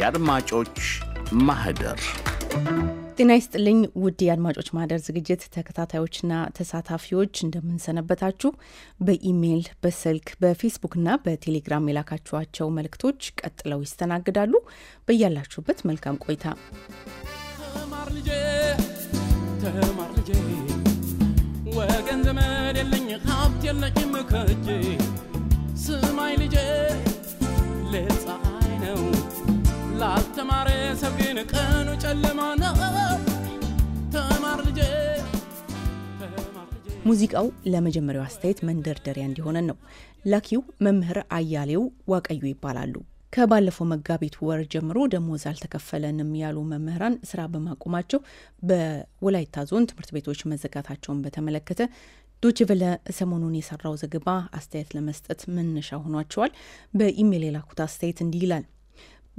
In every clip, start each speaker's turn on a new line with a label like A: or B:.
A: የአድማጮች ማህደር ጤና ይስጥልኝ ውድ የአድማጮች ማህደር ዝግጅት ተከታታዮችና ተሳታፊዎች እንደምንሰነበታችሁ። በኢሜይል በስልክ በፌስቡክ ና በቴሌግራም የላካችኋቸው መልእክቶች ቀጥለው ይስተናግዳሉ። በያላችሁበት መልካም ቆይታ።
B: ተማር ልጄ ወገን ዘመድ የለኝ ሀብት የለኝ ምክጄ የቀኑ ጨለማ ነው። ተማር ልጄ።
A: ሙዚቃው ለመጀመሪያው አስተያየት መንደርደሪያ እንዲሆነን ነው። ላኪው መምህር አያሌው ዋቀዩ ይባላሉ። ከባለፈው መጋቢት ወር ጀምሮ ደሞዝ አልተከፈለንም ያሉ መምህራን ስራ በማቆማቸው በወላይታ ዞን ትምህርት ቤቶች መዘጋታቸውን በተመለከተ ዶችቨለ ሰሞኑን የሰራው ዘገባ አስተያየት ለመስጠት መነሻ ሆኗቸዋል። በኢሜይል የላኩት አስተያየት እንዲህ ይላል።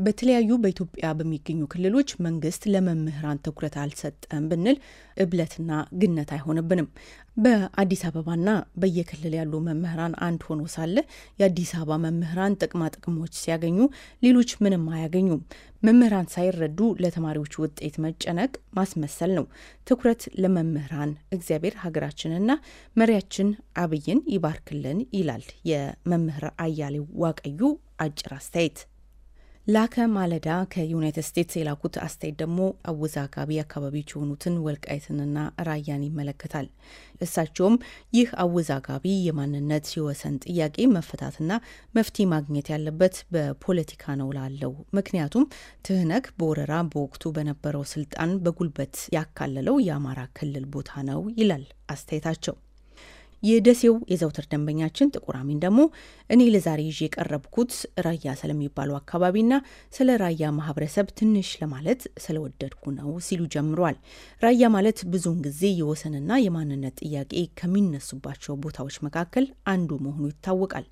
A: በተለያዩ በኢትዮጵያ በሚገኙ ክልሎች መንግስት ለመምህራን ትኩረት አልሰጠም ብንል እብለትና ግነት አይሆንብንም። በአዲስ አበባና በየክልል ያሉ መምህራን አንድ ሆኖ ሳለ የአዲስ አበባ መምህራን ጥቅማ ጥቅሞች ሲያገኙ፣ ሌሎች ምንም አያገኙም። መምህራን ሳይረዱ ለተማሪዎች ውጤት መጨነቅ ማስመሰል ነው። ትኩረት ለመምህራን እግዚአብሔር ሀገራችንና መሪያችን አብይን ይባርክልን ይላል የመምህር አያሌው ዋቀዩ አጭር አስተያየት። ላከ ማለዳ ከዩናይትድ ስቴትስ የላኩት አስተያየት ደግሞ አወዛጋቢ አካባቢዎች የሆኑትን ወልቃይትንና ራያን ይመለከታል። እሳቸውም ይህ አወዛጋቢ የማንነት የወሰን ጥያቄ መፈታትና መፍትሄ ማግኘት ያለበት በፖለቲካ ነው ላለው። ምክንያቱም ትህነግ በወረራ በወቅቱ በነበረው ስልጣን በጉልበት ያካለለው የአማራ ክልል ቦታ ነው ይላል አስተያየታቸው። የደሴው የዘውትር ደንበኛችን ጥቁር አሚን ደግሞ እኔ ለዛሬ ይዤ የቀረብኩት ራያ ስለሚባለው አካባቢና ስለ ራያ ማህበረሰብ ትንሽ ለማለት ስለወደድኩ ነው ሲሉ ጀምሯል። ራያ ማለት ብዙውን ጊዜ የወሰንና የማንነት ጥያቄ ከሚነሱባቸው ቦታዎች መካከል አንዱ መሆኑ ይታወቃል።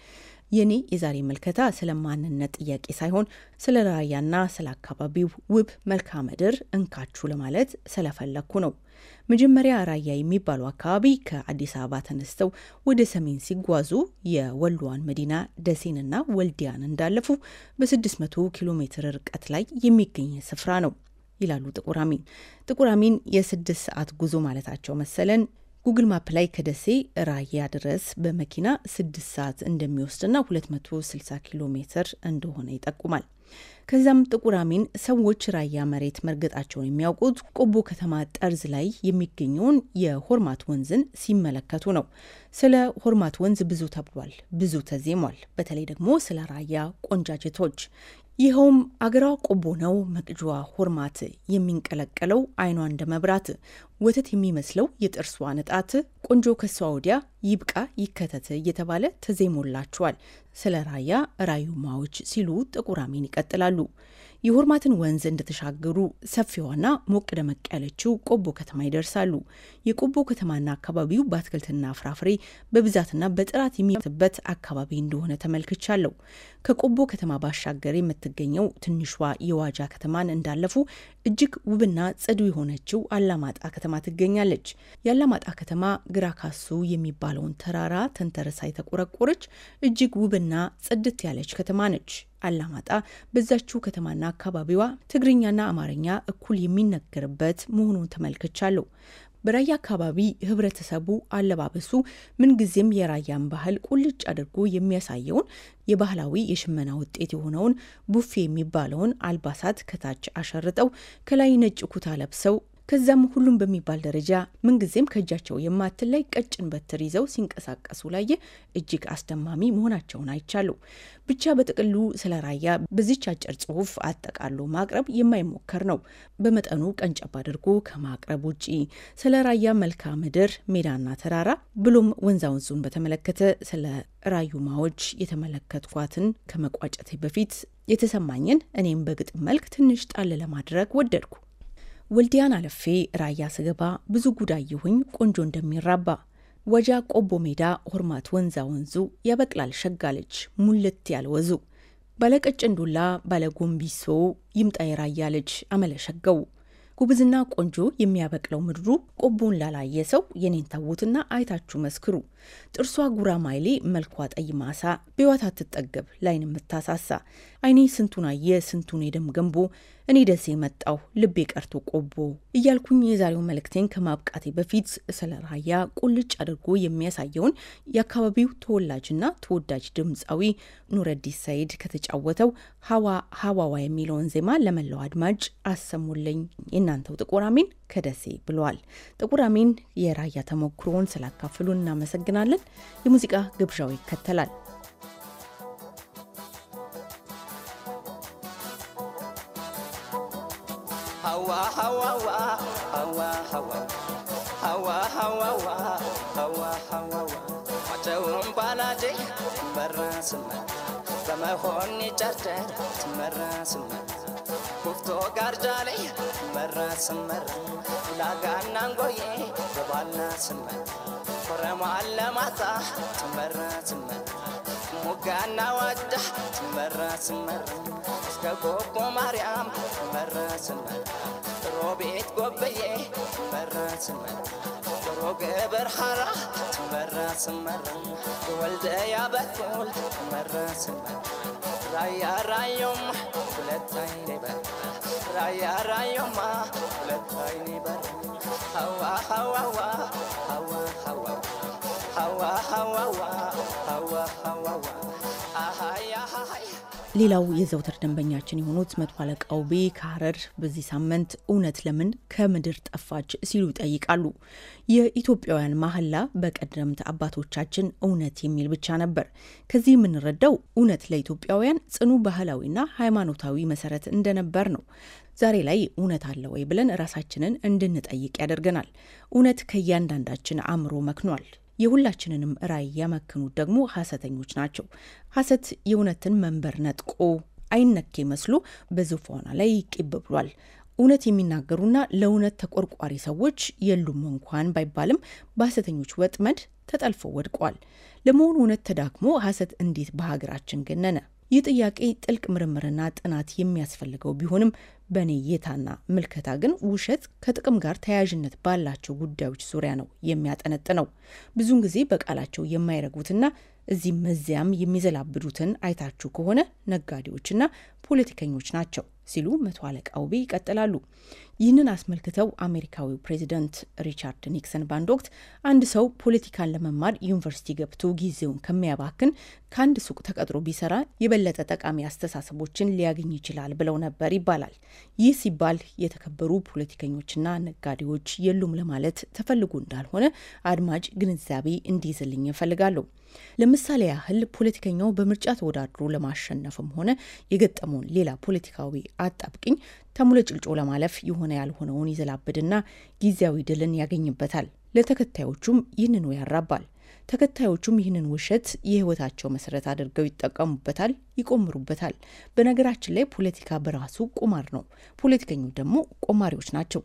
A: የኔ የዛሬ መልከታ ስለ ማንነት ጥያቄ ሳይሆን ስለ ራያና ስለ አካባቢው ውብ መልክዓ ምድር እንካችሁ ለማለት ስለፈለግኩ ነው። መጀመሪያ ራያ የሚባሉ አካባቢ ከአዲስ አበባ ተነስተው ወደ ሰሜን ሲጓዙ የወሎዋን መዲና ደሴንና ወልዲያን እንዳለፉ በ600 ኪሎ ሜትር ርቀት ላይ የሚገኝ ስፍራ ነው ይላሉ ጥቁር አሚን። ጥቁር አሚን የስድስት ሰዓት ጉዞ ማለታቸው መሰለን። ጉግል ማፕ ላይ ከደሴ ራያ ድረስ በመኪና ስድስት ሰዓት እንደሚወስድና 260 ኪሎ ሜትር እንደሆነ ይጠቁማል። ከዚያም ጥቁር አሜን ሰዎች ራያ መሬት መርገጣቸውን የሚያውቁት ቆቦ ከተማ ጠርዝ ላይ የሚገኘውን የሆርማት ወንዝን ሲመለከቱ ነው። ስለ ሆርማት ወንዝ ብዙ ተብሏል፣ ብዙ ተዜሟል። በተለይ ደግሞ ስለ ራያ ቆንጃጅቶች ይኸውም አገሯ ቆቦ ነው። መቅጇ ሆርማት የሚንቀለቀለው አይኗ እንደ መብራት ወተት የሚመስለው የጥርሷ ንጣት ቆንጆ ከሷ ወዲያ ይብቃ ይከተት እየተባለ ተዜሞላቸዋል። ስለ ራያ ራዩማዎች ሲሉ ጥቁር አሜን ይቀጥላሉ። የሆርማትን ወንዝ እንደተሻገሩ ሰፊዋና ሞቅ ደመቅ ያለችው ቆቦ ከተማ ይደርሳሉ። የቆቦ ከተማና አካባቢው በአትክልትና ፍራፍሬ በብዛትና በጥራት የሚበት አካባቢ እንደሆነ ተመልክቻለሁ። ከቆቦ ከተማ ባሻገር የምትገኘው ትንሿ የዋጃ ከተማን እንዳለፉ እጅግ ውብና ጽዱ የሆነችው አላማጣ ከተማ ትገኛለች። የአላማጣ ከተማ ግራ ካሱ የሚባለውን ተራራ ተንተርሳ የተቆረቆረች እጅግ ውብና ጽድት ያለች ከተማ ነች። አላማጣ በዛችው ከተማና አካባቢዋ ትግርኛና አማርኛ እኩል የሚነገርበት መሆኑን ተመልክቻለሁ። በራያ አካባቢ ህብረተሰቡ አለባበሱ ምንጊዜም የራያን ባህል ቁልጭ አድርጎ የሚያሳየውን የባህላዊ የሽመና ውጤት የሆነውን ቡፌ የሚባለውን አልባሳት ከታች አሸርጠው ከላይ ነጭ ኩታ ለብሰው ከዛም ሁሉም በሚባል ደረጃ ምንጊዜም ከእጃቸው የማትለይ ቀጭን በትር ይዘው ሲንቀሳቀሱ ላየ እጅግ አስደማሚ መሆናቸውን አይቻሉ። ብቻ በጥቅሉ ስለ ራያ በዚች አጭር ጽሁፍ አጠቃሎ ማቅረብ የማይሞከር ነው። በመጠኑ ቀንጨብ አድርጎ ከማቅረብ ውጪ ስለ ራያ መልክዓ ምድር፣ ሜዳና ተራራ ብሎም ወንዛ በተመለከተ ስለ ራዩማዎች የተመለከትኳትን ከመቋጨቴ በፊት የተሰማኝን እኔም በግጥም መልክ ትንሽ ጣል ለማድረግ ወደድኩ። ወልዲያን አለፌ ራያ ስገባ ብዙ ይሁኝ ቆንጆ እንደሚራባ ወጃ ቆቦ ሜዳ ሆርማት ወንዛ ወንዙ ያበቅላል ሸጋለች ሙልት ያልወዙ! ባለቀጭን ባለቀጭንዱላ ባለጎንቢሶ ይምጣ የራያ ልጅ አመለሸገው ጉብዝና ቆንጆ የሚያበቅለው ምድሩ ቆቦን ላላየ ሰው የኔን ታውትና አይታችሁ መስክሩ። ጥርሷ ጉራማይሌ መልኳ ጠይ ማሳ ቢዋታ ትጠገብ ላይን የምታሳሳ አይኔ ስንቱን አየ ስንቱን የደም ገንቦ እኔ ደሴ መጣሁ ልቤ ቀርቶ ቆቦ እያልኩኝ የዛሬው መልእክቴን ከማብቃቴ በፊት ስለ ራያ ቁልጭ አድርጎ የሚያሳየውን የአካባቢው ተወላጅና ተወዳጅ ድምፃዊ ኑረዲስ ሰይድ ከተጫወተው ሀዋ ሀዋዋ የሚለውን ዜማ ለመላው አድማጭ አሰሙልኝ። የእናንተው ጥቁር አሚን ከደሴ ብለዋል። ጥቁር አሚን የራያ ተሞክሮውን ስላካፍሉ እናመሰግናለን። የሙዚቃ ግብዣው ይከተላል።
B: መቼውም ባላድል መራስመ በመሆን ጨርደር መራስመ ኩፍቶ ጋርጃሌ መራስመር ላጋናንጎዬ በባልናስመ ኮረማን ለማታ ትመራስመ ሙጋና ዋዳ ትመራስመር እስከ ጎቦ ማርያም ትመራስመር بيت قبيه برات مرة فروق برحرة برات مرة ولد يا بتول مرات مرة رايا رايوم ሁለታይኔ በር
A: ራያ ራዮማ
B: ሁለታይኔ በር
A: ሀዋ ሀዋዋ
B: ሀዋ ሀዋዋ ሀዋ ሀዋዋ ሀዋ ሀዋዋ
A: ሌላው የዘውትር ደንበኛችን የሆኑት መቶ አለቃው ቤ ከሀረር በዚህ ሳምንት እውነት ለምን ከምድር ጠፋች ሲሉ ይጠይቃሉ። የኢትዮጵያውያን ማህላ በቀደምት አባቶቻችን እውነት የሚል ብቻ ነበር። ከዚህ የምንረዳው እውነት ለኢትዮጵያውያን ጽኑ ባህላዊና ሃይማኖታዊ መሰረት እንደነበር ነው። ዛሬ ላይ እውነት አለ ወይ ብለን ራሳችንን እንድንጠይቅ ያደርገናል። እውነት ከእያንዳንዳችን አእምሮ መክኗል። የሁላችንንም ራዕይ ያመክኑት ደግሞ ሀሰተኞች ናቸው። ሀሰት የእውነትን መንበር ነጥቆ አይነኬ መስሎ በዙፋኗ ላይ ቂብ ብሏል። እውነት የሚናገሩና ለእውነት ተቆርቋሪ ሰዎች የሉም እንኳን ባይባልም በሀሰተኞች ወጥመድ ተጠልፎ ወድቋል። ለመሆኑ እውነት ተዳክሞ ሀሰት እንዴት በሀገራችን ገነነ? ይህ ጥያቄ ጥልቅ ምርምርና ጥናት የሚያስፈልገው ቢሆንም በእኔ እይታና ምልከታ ግን ውሸት ከጥቅም ጋር ተያያዥነት ባላቸው ጉዳዮች ዙሪያ ነው የሚያጠነጥነው። ብዙውን ጊዜ በቃላቸው የማይረጉትና እዚህም እዚያም የሚዘላብዱትን አይታችሁ ከሆነ ነጋዴዎችና ፖለቲከኞች ናቸው ሲሉ መቶ አለቃ ውቤ ይቀጥላሉ። ይህንን አስመልክተው አሜሪካዊው ፕሬዚደንት ሪቻርድ ኒክሰን በአንድ ወቅት አንድ ሰው ፖለቲካን ለመማር ዩኒቨርሲቲ ገብቶ ጊዜውን ከሚያባክን ከአንድ ሱቅ ተቀጥሮ ቢሰራ የበለጠ ጠቃሚ አስተሳሰቦችን ሊያገኝ ይችላል ብለው ነበር ይባላል። ይህ ሲባል የተከበሩ ፖለቲከኞችና ነጋዴዎች የሉም ለማለት ተፈልጎ እንዳልሆነ አድማጭ ግንዛቤ እንዲይዝልኝ እፈልጋለሁ። ለምሳሌ ያህል ፖለቲከኛው በምርጫ ተወዳድሮ ለማሸነፍም ሆነ የገጠመው አሁን ሌላ ፖለቲካዊ አጣብቅኝ ተሙለ ጭልጮ ለማለፍ የሆነ ያልሆነውን ይዘላብድና ጊዜያዊ ድልን ያገኝበታል። ለተከታዮቹም ይህንኑ ያራባል። ተከታዮቹም ይህንን ውሸት የህይወታቸው መሰረት አድርገው ይጠቀሙበታል፣ ይቆምሩበታል። በነገራችን ላይ ፖለቲካ በራሱ ቁማር ነው። ፖለቲከኞች ደግሞ ቆማሪዎች ናቸው።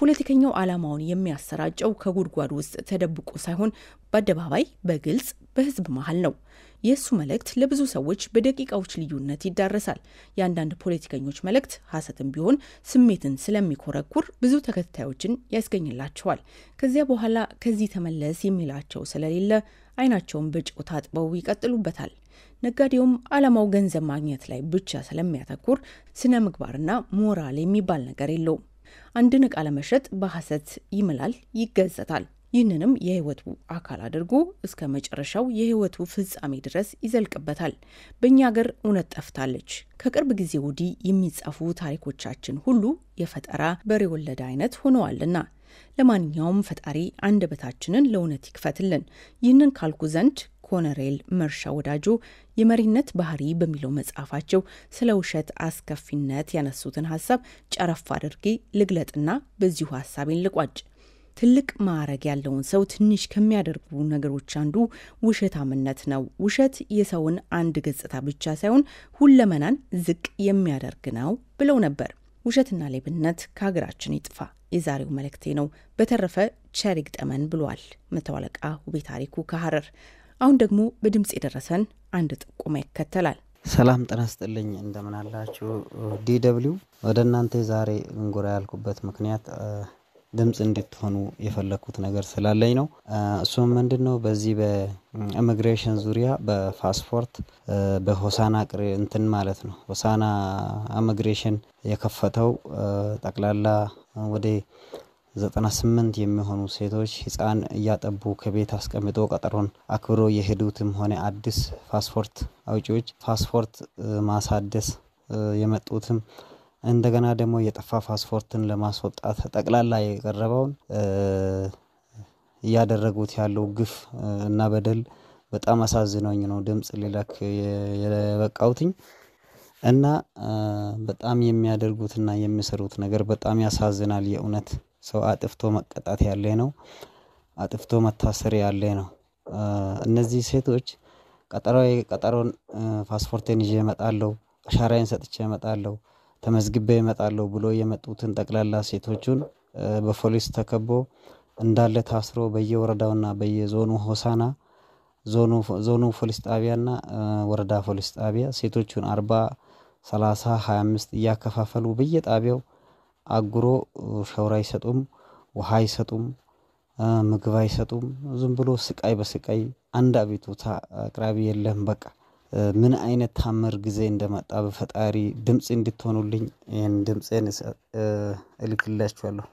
A: ፖለቲከኛው ዓላማውን የሚያሰራጨው ከጉድጓድ ውስጥ ተደብቆ ሳይሆን በአደባባይ በግልጽ በህዝብ መሀል ነው። የእሱ መልእክት ለብዙ ሰዎች በደቂቃዎች ልዩነት ይዳረሳል። የአንዳንድ ፖለቲከኞች መልእክት ሀሰትም ቢሆን ስሜትን ስለሚኮረኩር ብዙ ተከታዮችን ያስገኝላቸዋል። ከዚያ በኋላ ከዚህ ተመለስ የሚላቸው ስለሌለ ከሌለ አይናቸውን በጭቆታ ታጥበው ይቀጥሉበታል። ነጋዴውም ዓላማው ገንዘብ ማግኘት ላይ ብቻ ስለሚያተኩር ስነ ምግባርና ሞራል የሚባል ነገር የለውም። አንድን ዕቃ ለመሸጥ በሐሰት ይምላል፣ ይገዘታል። ይህንንም የህይወቱ አካል አድርጎ እስከ መጨረሻው የህይወቱ ፍጻሜ ድረስ ይዘልቅበታል። በእኛ ሀገር እውነት ጠፍታለች። ከቅርብ ጊዜ ወዲህ የሚጻፉ ታሪኮቻችን ሁሉ የፈጠራ በሬ ወለደ አይነት ሆነዋልና ለማንኛውም ፈጣሪ አንደበታችንን ለእውነት ይክፈትልን። ይህንን ካልኩ ዘንድ ኮነሬል መርሻ ወዳጁ የመሪነት ባህሪ በሚለው መጽሐፋቸው ስለ ውሸት አስከፊነት ያነሱትን ሀሳብ ጨረፍ አድርጌ ልግለጥና በዚሁ ሀሳቤን ልቋጭ። ትልቅ ማዕረግ ያለውን ሰው ትንሽ ከሚያደርጉ ነገሮች አንዱ ውሸታምነት ነው። ውሸት የሰውን አንድ ገጽታ ብቻ ሳይሆን ሁለመናን ዝቅ የሚያደርግ ነው ብለው ነበር። ውሸትና ሌብነት ከሀገራችን ይጥፋ። የዛሬው መልእክቴ ነው። በተረፈ ቸር ይግጠመን ብሏል መቶ አለቃ ውቤ ታሪኩ ከሐረር። አሁን ደግሞ በድምፅ የደረሰን አንድ ጥቆማ ይከተላል።
B: ሰላም ጤና ይስጥልኝ፣ እንደምን አላችሁ? ዲ ደብልዩ ወደ እናንተ ዛሬ እንጎራ ያልኩበት ምክንያት ድምፅ እንድትሆኑ የፈለግኩት ነገር ስላለኝ ነው። እሱም ምንድን ነው በዚህ በኢሚግሬሽን ዙሪያ በፓስፖርት በሆሳና ቅር እንትን ማለት ነው ሆሳና ኢሚግሬሽን የከፈተው ጠቅላላ ወደ 98 የሚሆኑ ሴቶች ህፃን እያጠቡ ከቤት አስቀምጦ ቀጠሮን አክብሮ የሄዱትም ሆነ አዲስ ፓስፖርት አውጪዎች ፓስፖርት ማሳደስ የመጡትም እንደገና ደግሞ የጠፋ ፓስፖርትን ለማስወጣት ጠቅላላ የቀረበውን እያደረጉት ያለው ግፍ እና በደል በጣም አሳዝነኝ ነው ድምፅ ልላክ የበቃውትኝ እና በጣም የሚያደርጉትና የሚሰሩት ነገር በጣም ያሳዝናል። የእውነት ሰው አጥፍቶ መቀጣት ያለ ነው፣ አጥፍቶ መታሰር ያለ ነው። እነዚህ ሴቶች ቀጠሮ ቀጠሮን ፓስፖርቴን ይዤ እመጣለሁ፣ አሻራዬን ሰጥቼ እመጣለሁ ተመዝግቤ ይመጣለሁ ብሎ የመጡትን ጠቅላላ ሴቶቹን በፖሊስ ተከቦ እንዳለ ታስሮ በየወረዳውና በየዞኑ ሆሳና ዞኑ ፖሊስ ጣቢያና ወረዳ ፖሊስ ጣቢያ ሴቶቹን አርባ ሰላሳ ሀያ አምስት እያከፋፈሉ በየጣቢያው አጉሮ ሸውራ አይሰጡም፣ ውሃ አይሰጡም፣ ምግብ አይሰጡም። ዝም ብሎ ስቃይ በስቃይ አንድ አቤቱታ አቅራቢ የለም በቃ ምን አይነት ታምር ጊዜ እንደመጣ በፈጣሪ ድምፅ እንድትሆኑልኝ ይህን ድምፄን እልክላችኋለሁ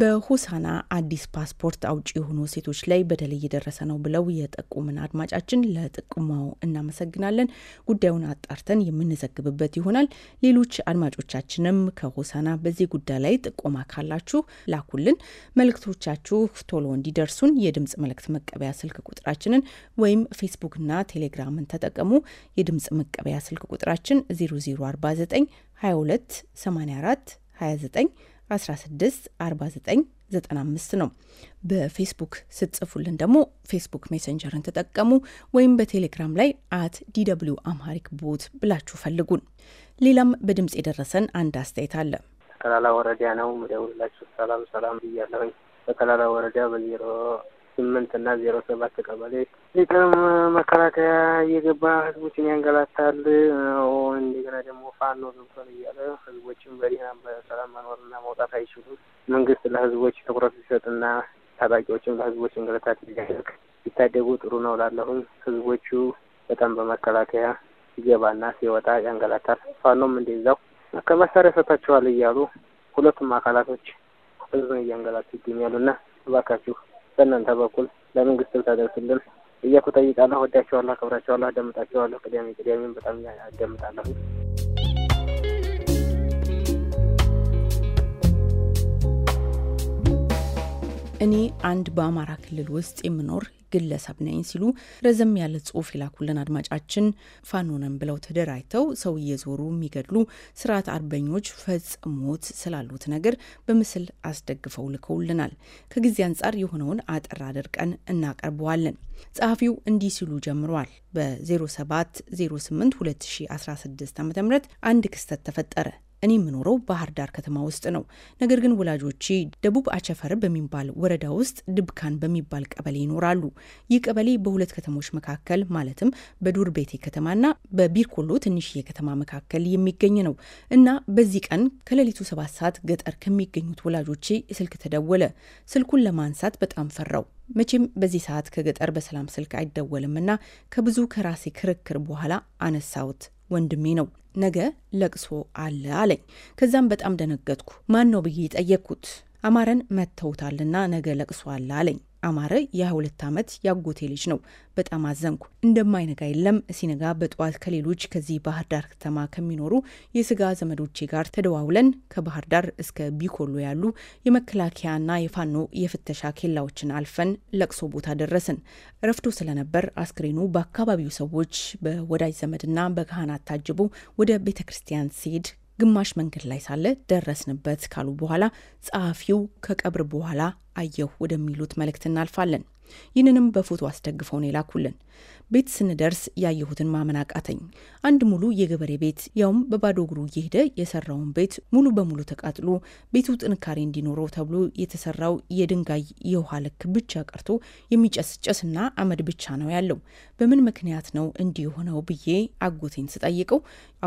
A: በሆሳና አዲስ ፓስፖርት አውጪ የሆኑ ሴቶች ላይ በደል እየደረሰ ነው ብለው የጠቁምን አድማጫችን ለጥቁማው እናመሰግናለን። ጉዳዩን አጣርተን የምንዘግብበት ይሆናል። ሌሎች አድማጮቻችንም ከሆሳና በዚህ ጉዳይ ላይ ጥቆማ ካላችሁ ላኩልን። መልእክቶቻችሁ ቶሎ እንዲደርሱን የድምፅ መልእክት መቀበያ ስልክ ቁጥራችንን ወይም ፌስቡክና ቴሌግራምን ተጠቀሙ። የድምፅ መቀበያ ስልክ ቁጥራችን 0049 22 84 29 1649 ነው። በፌስቡክ ስትጽፉልን ደግሞ ፌስቡክ ሜሴንጀርን ተጠቀሙ፣ ወይም በቴሌግራም ላይ አት ዲደብሊው አምሃሪክ ቦት ብላችሁ ፈልጉን። ሌላም በድምፅ የደረሰን አንድ አስተያየት አለ።
B: ከላላ ወረዳ ነው ምደውላችሁ። ሰላም ሰላም ብያለሁኝ። በከላላ ወረዳ በዜሮ ስምንት እና ዜሮ ሰባት ቀበሌ የቀን መከላከያ እየገባ ህዝቦችን ያንገላታል። እንደገና ፋኖ ገብቷል እያለ ህዝቦችን በደህና በሰላም መኖርና መውጣት አይችሉም። መንግስት ለህዝቦች ትኩረት ሲሰጥና ታጣቂዎችም ለህዝቦች እንግልታት ቢያደርግ ቢታደጉ ጥሩ ነው ላለሁም ህዝቦቹ በጣም በመከላከያ ሲገባና ሲወጣ ያንገላታል። ፋኖም እንደዛው ከመሳሪያ ሰጥታችኋል እያሉ ሁለቱም አካላቶች ህዝብን እያንገላቱ ይገኛሉና እባካችሁ በእናንተ በኩል ለመንግስት ብታደርሱልን እያኩ ጠይቃለሁ። ወዳቸዋለሁ፣ አከብራቸዋለሁ፣ አደምጣቸዋለሁ። ቅዳሜ ቅዳሜም በጣም አዳምጣለሁ።
A: እኔ አንድ በአማራ ክልል ውስጥ የምኖር ግለሰብ ነኝ ሲሉ ረዘም ያለ ጽሁፍ የላኩልን አድማጫችን ፋኖነን ብለው ተደራጅተው ሰው እየዞሩ የሚገድሉ ስርዓት አርበኞች ፈጽሞት ስላሉት ነገር በምስል አስደግፈው ልከውልናል። ከጊዜ አንጻር የሆነውን አጠር አድርቀን እናቀርበዋለን። ጸሐፊው እንዲህ ሲሉ ጀምረዋል። በ07 08 2016 ዓ ም አንድ ክስተት ተፈጠረ። እኔ የምኖረው ባህር ዳር ከተማ ውስጥ ነው። ነገር ግን ወላጆቼ ደቡብ አቸፈር በሚባል ወረዳ ውስጥ ድብካን በሚባል ቀበሌ ይኖራሉ። ይህ ቀበሌ በሁለት ከተሞች መካከል ማለትም በዱር ቤቴ ከተማና በቢርኮሎ ትንሽዬ ከተማ መካከል የሚገኝ ነው እና በዚህ ቀን ከሌሊቱ ሰባት ሰዓት ገጠር ከሚገኙት ወላጆቼ ስልክ ተደወለ። ስልኩን ለማንሳት በጣም ፈራው። መቼም በዚህ ሰዓት ከገጠር በሰላም ስልክ አይደወልም እና ከብዙ ከራሴ ክርክር በኋላ አነሳውት። ወንድሜ ነው። ነገ ለቅሶ አለ አለኝ። ከዛም በጣም ደነገጥኩ። ማን ነው ብዬ ጠየቅኩት። አማረን መተውታልና ነገ ለቅሶ አለ አለኝ። አማረ የሁለት ዓመት ያጎቴ ልጅ ነው። በጣም አዘንኩ። እንደማይነጋ የለም። ሲነጋ በጠዋት ከሌሎች ከዚህ ባህር ዳር ከተማ ከሚኖሩ የስጋ ዘመዶቼ ጋር ተደዋውለን ከባህር ዳር እስከ ቢኮሎ ያሉ የመከላከያና የፋኖ የፍተሻ ኬላዎችን አልፈን ለቅሶ ቦታ ደረስን። ረፍቶ ስለነበር አስክሬኑ በአካባቢው ሰዎች በወዳጅ ዘመድና በካህናት ታጅቦ ወደ ቤተ ክርስቲያን ሲሄድ ግማሽ መንገድ ላይ ሳለ ደረስንበት ካሉ በኋላ ጸሐፊው ከቀብር በኋላ አየሁ ወደሚሉት መልእክት እናልፋለን። ይህንንም በፎቶ አስደግፈውን የላኩልን ቤት ስንደርስ ያየሁትን ማመን አቃተኝ። አንድ ሙሉ የገበሬ ቤት ያውም በባዶ እግሩ እየሄደ የሰራውን ቤት ሙሉ በሙሉ ተቃጥሎ ቤቱ ጥንካሬ እንዲኖረው ተብሎ የተሰራው የድንጋይ የውሃ ልክ ብቻ ቀርቶ የሚጨስጨስና አመድ ብቻ ነው ያለው። በምን ምክንያት ነው እንዲህ የሆነው ብዬ አጎቴን ስጠይቀው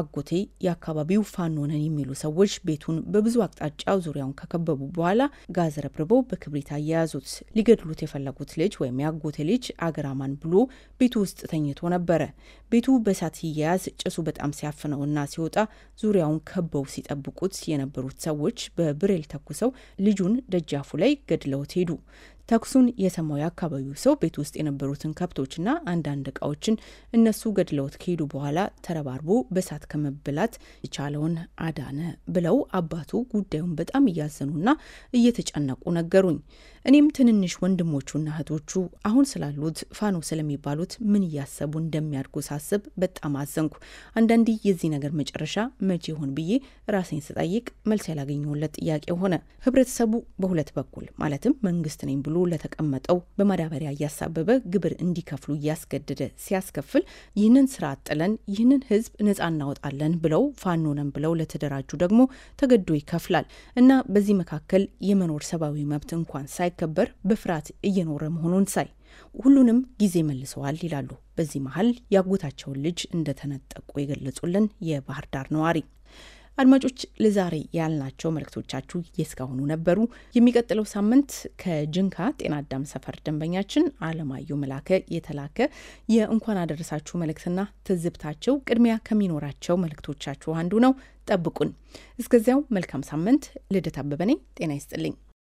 A: አጎቴ የአካባቢው ፋኖ ነን የሚሉ ሰዎች ቤቱን በብዙ አቅጣጫ ዙሪያውን ከከበቡ በኋላ ጋዝ ረብርበው በክብሪት አያያዙት። ሊገድሉት የፈለጉት ልጅ ወይም የአጎቴ ልጅ አገራማን ብሎ ቤቱ ውስጥ ውስጥ ተኝቶ ነበረ። ቤቱ በእሳት ሲያያዝ ጭሱ በጣም ሲያፍነውና ሲወጣ ዙሪያውን ከበው ሲጠብቁት የነበሩት ሰዎች በብሬል ተኩሰው ልጁን ደጃፉ ላይ ገድለውት ሄዱ። ተኩሱን የሰማው የአካባቢው ሰው ቤት ውስጥ የነበሩትን ከብቶችና አንዳንድ እቃዎችን እነሱ ገድለውት ከሄዱ በኋላ ተረባርቦ በእሳት ከመብላት የቻለውን አዳነ ብለው አባቱ ጉዳዩን በጣም እያዘኑና እየተጨነቁ ነገሩኝ። እኔም ትንንሽ ወንድሞቹና እህቶቹ አሁን ስላሉት ፋኖ ስለሚባሉት ምን እያሰቡ እንደሚያድጉ ሳስብ በጣም አዘንኩ። አንዳንዴ የዚህ ነገር መጨረሻ መቼ ይሆን ብዬ ራሴን ስጠይቅ መልስ ያላገኘሁለት ጥያቄ ሆነ። ህብረተሰቡ በሁለት በኩል ማለትም መንግስት ነኝ ብሎ ለተቀመጠው በማዳበሪያ እያሳበበ ግብር እንዲከፍሉ እያስገደደ ሲያስከፍል ይህንን ስራ ጥለን ይህንን ህዝብ ነጻ እናወጣለን ብለው ፋኖ ነን ብለው ለተደራጁ ደግሞ ተገዶ ይከፍላል እና በዚህ መካከል የመኖር ሰብአዊ መብት እንኳን ሳይከበር በፍርሃት እየኖረ መሆኑን ሳይ ሁሉንም ጊዜ መልሰዋል ይላሉ። በዚህ መሀል ያጎታቸውን ልጅ እንደተነጠቁ የገለጹልን የባህር ዳር ነዋሪ አድማጮች ለዛሬ ያልናቸው መልእክቶቻችሁ የእስካሁኑ ነበሩ። የሚቀጥለው ሳምንት ከጅንካ ጤና አዳም ሰፈር ደንበኛችን አለማየሁ መላከ የተላከ የእንኳን አደረሳችሁ መልእክትና ትዝብታቸው ቅድሚያ ከሚኖራቸው መልእክቶቻችሁ አንዱ ነው። ጠብቁን። እስከዚያው መልካም ሳምንት። ልደት አበበ ነኝ። ጤና ይስጥልኝ።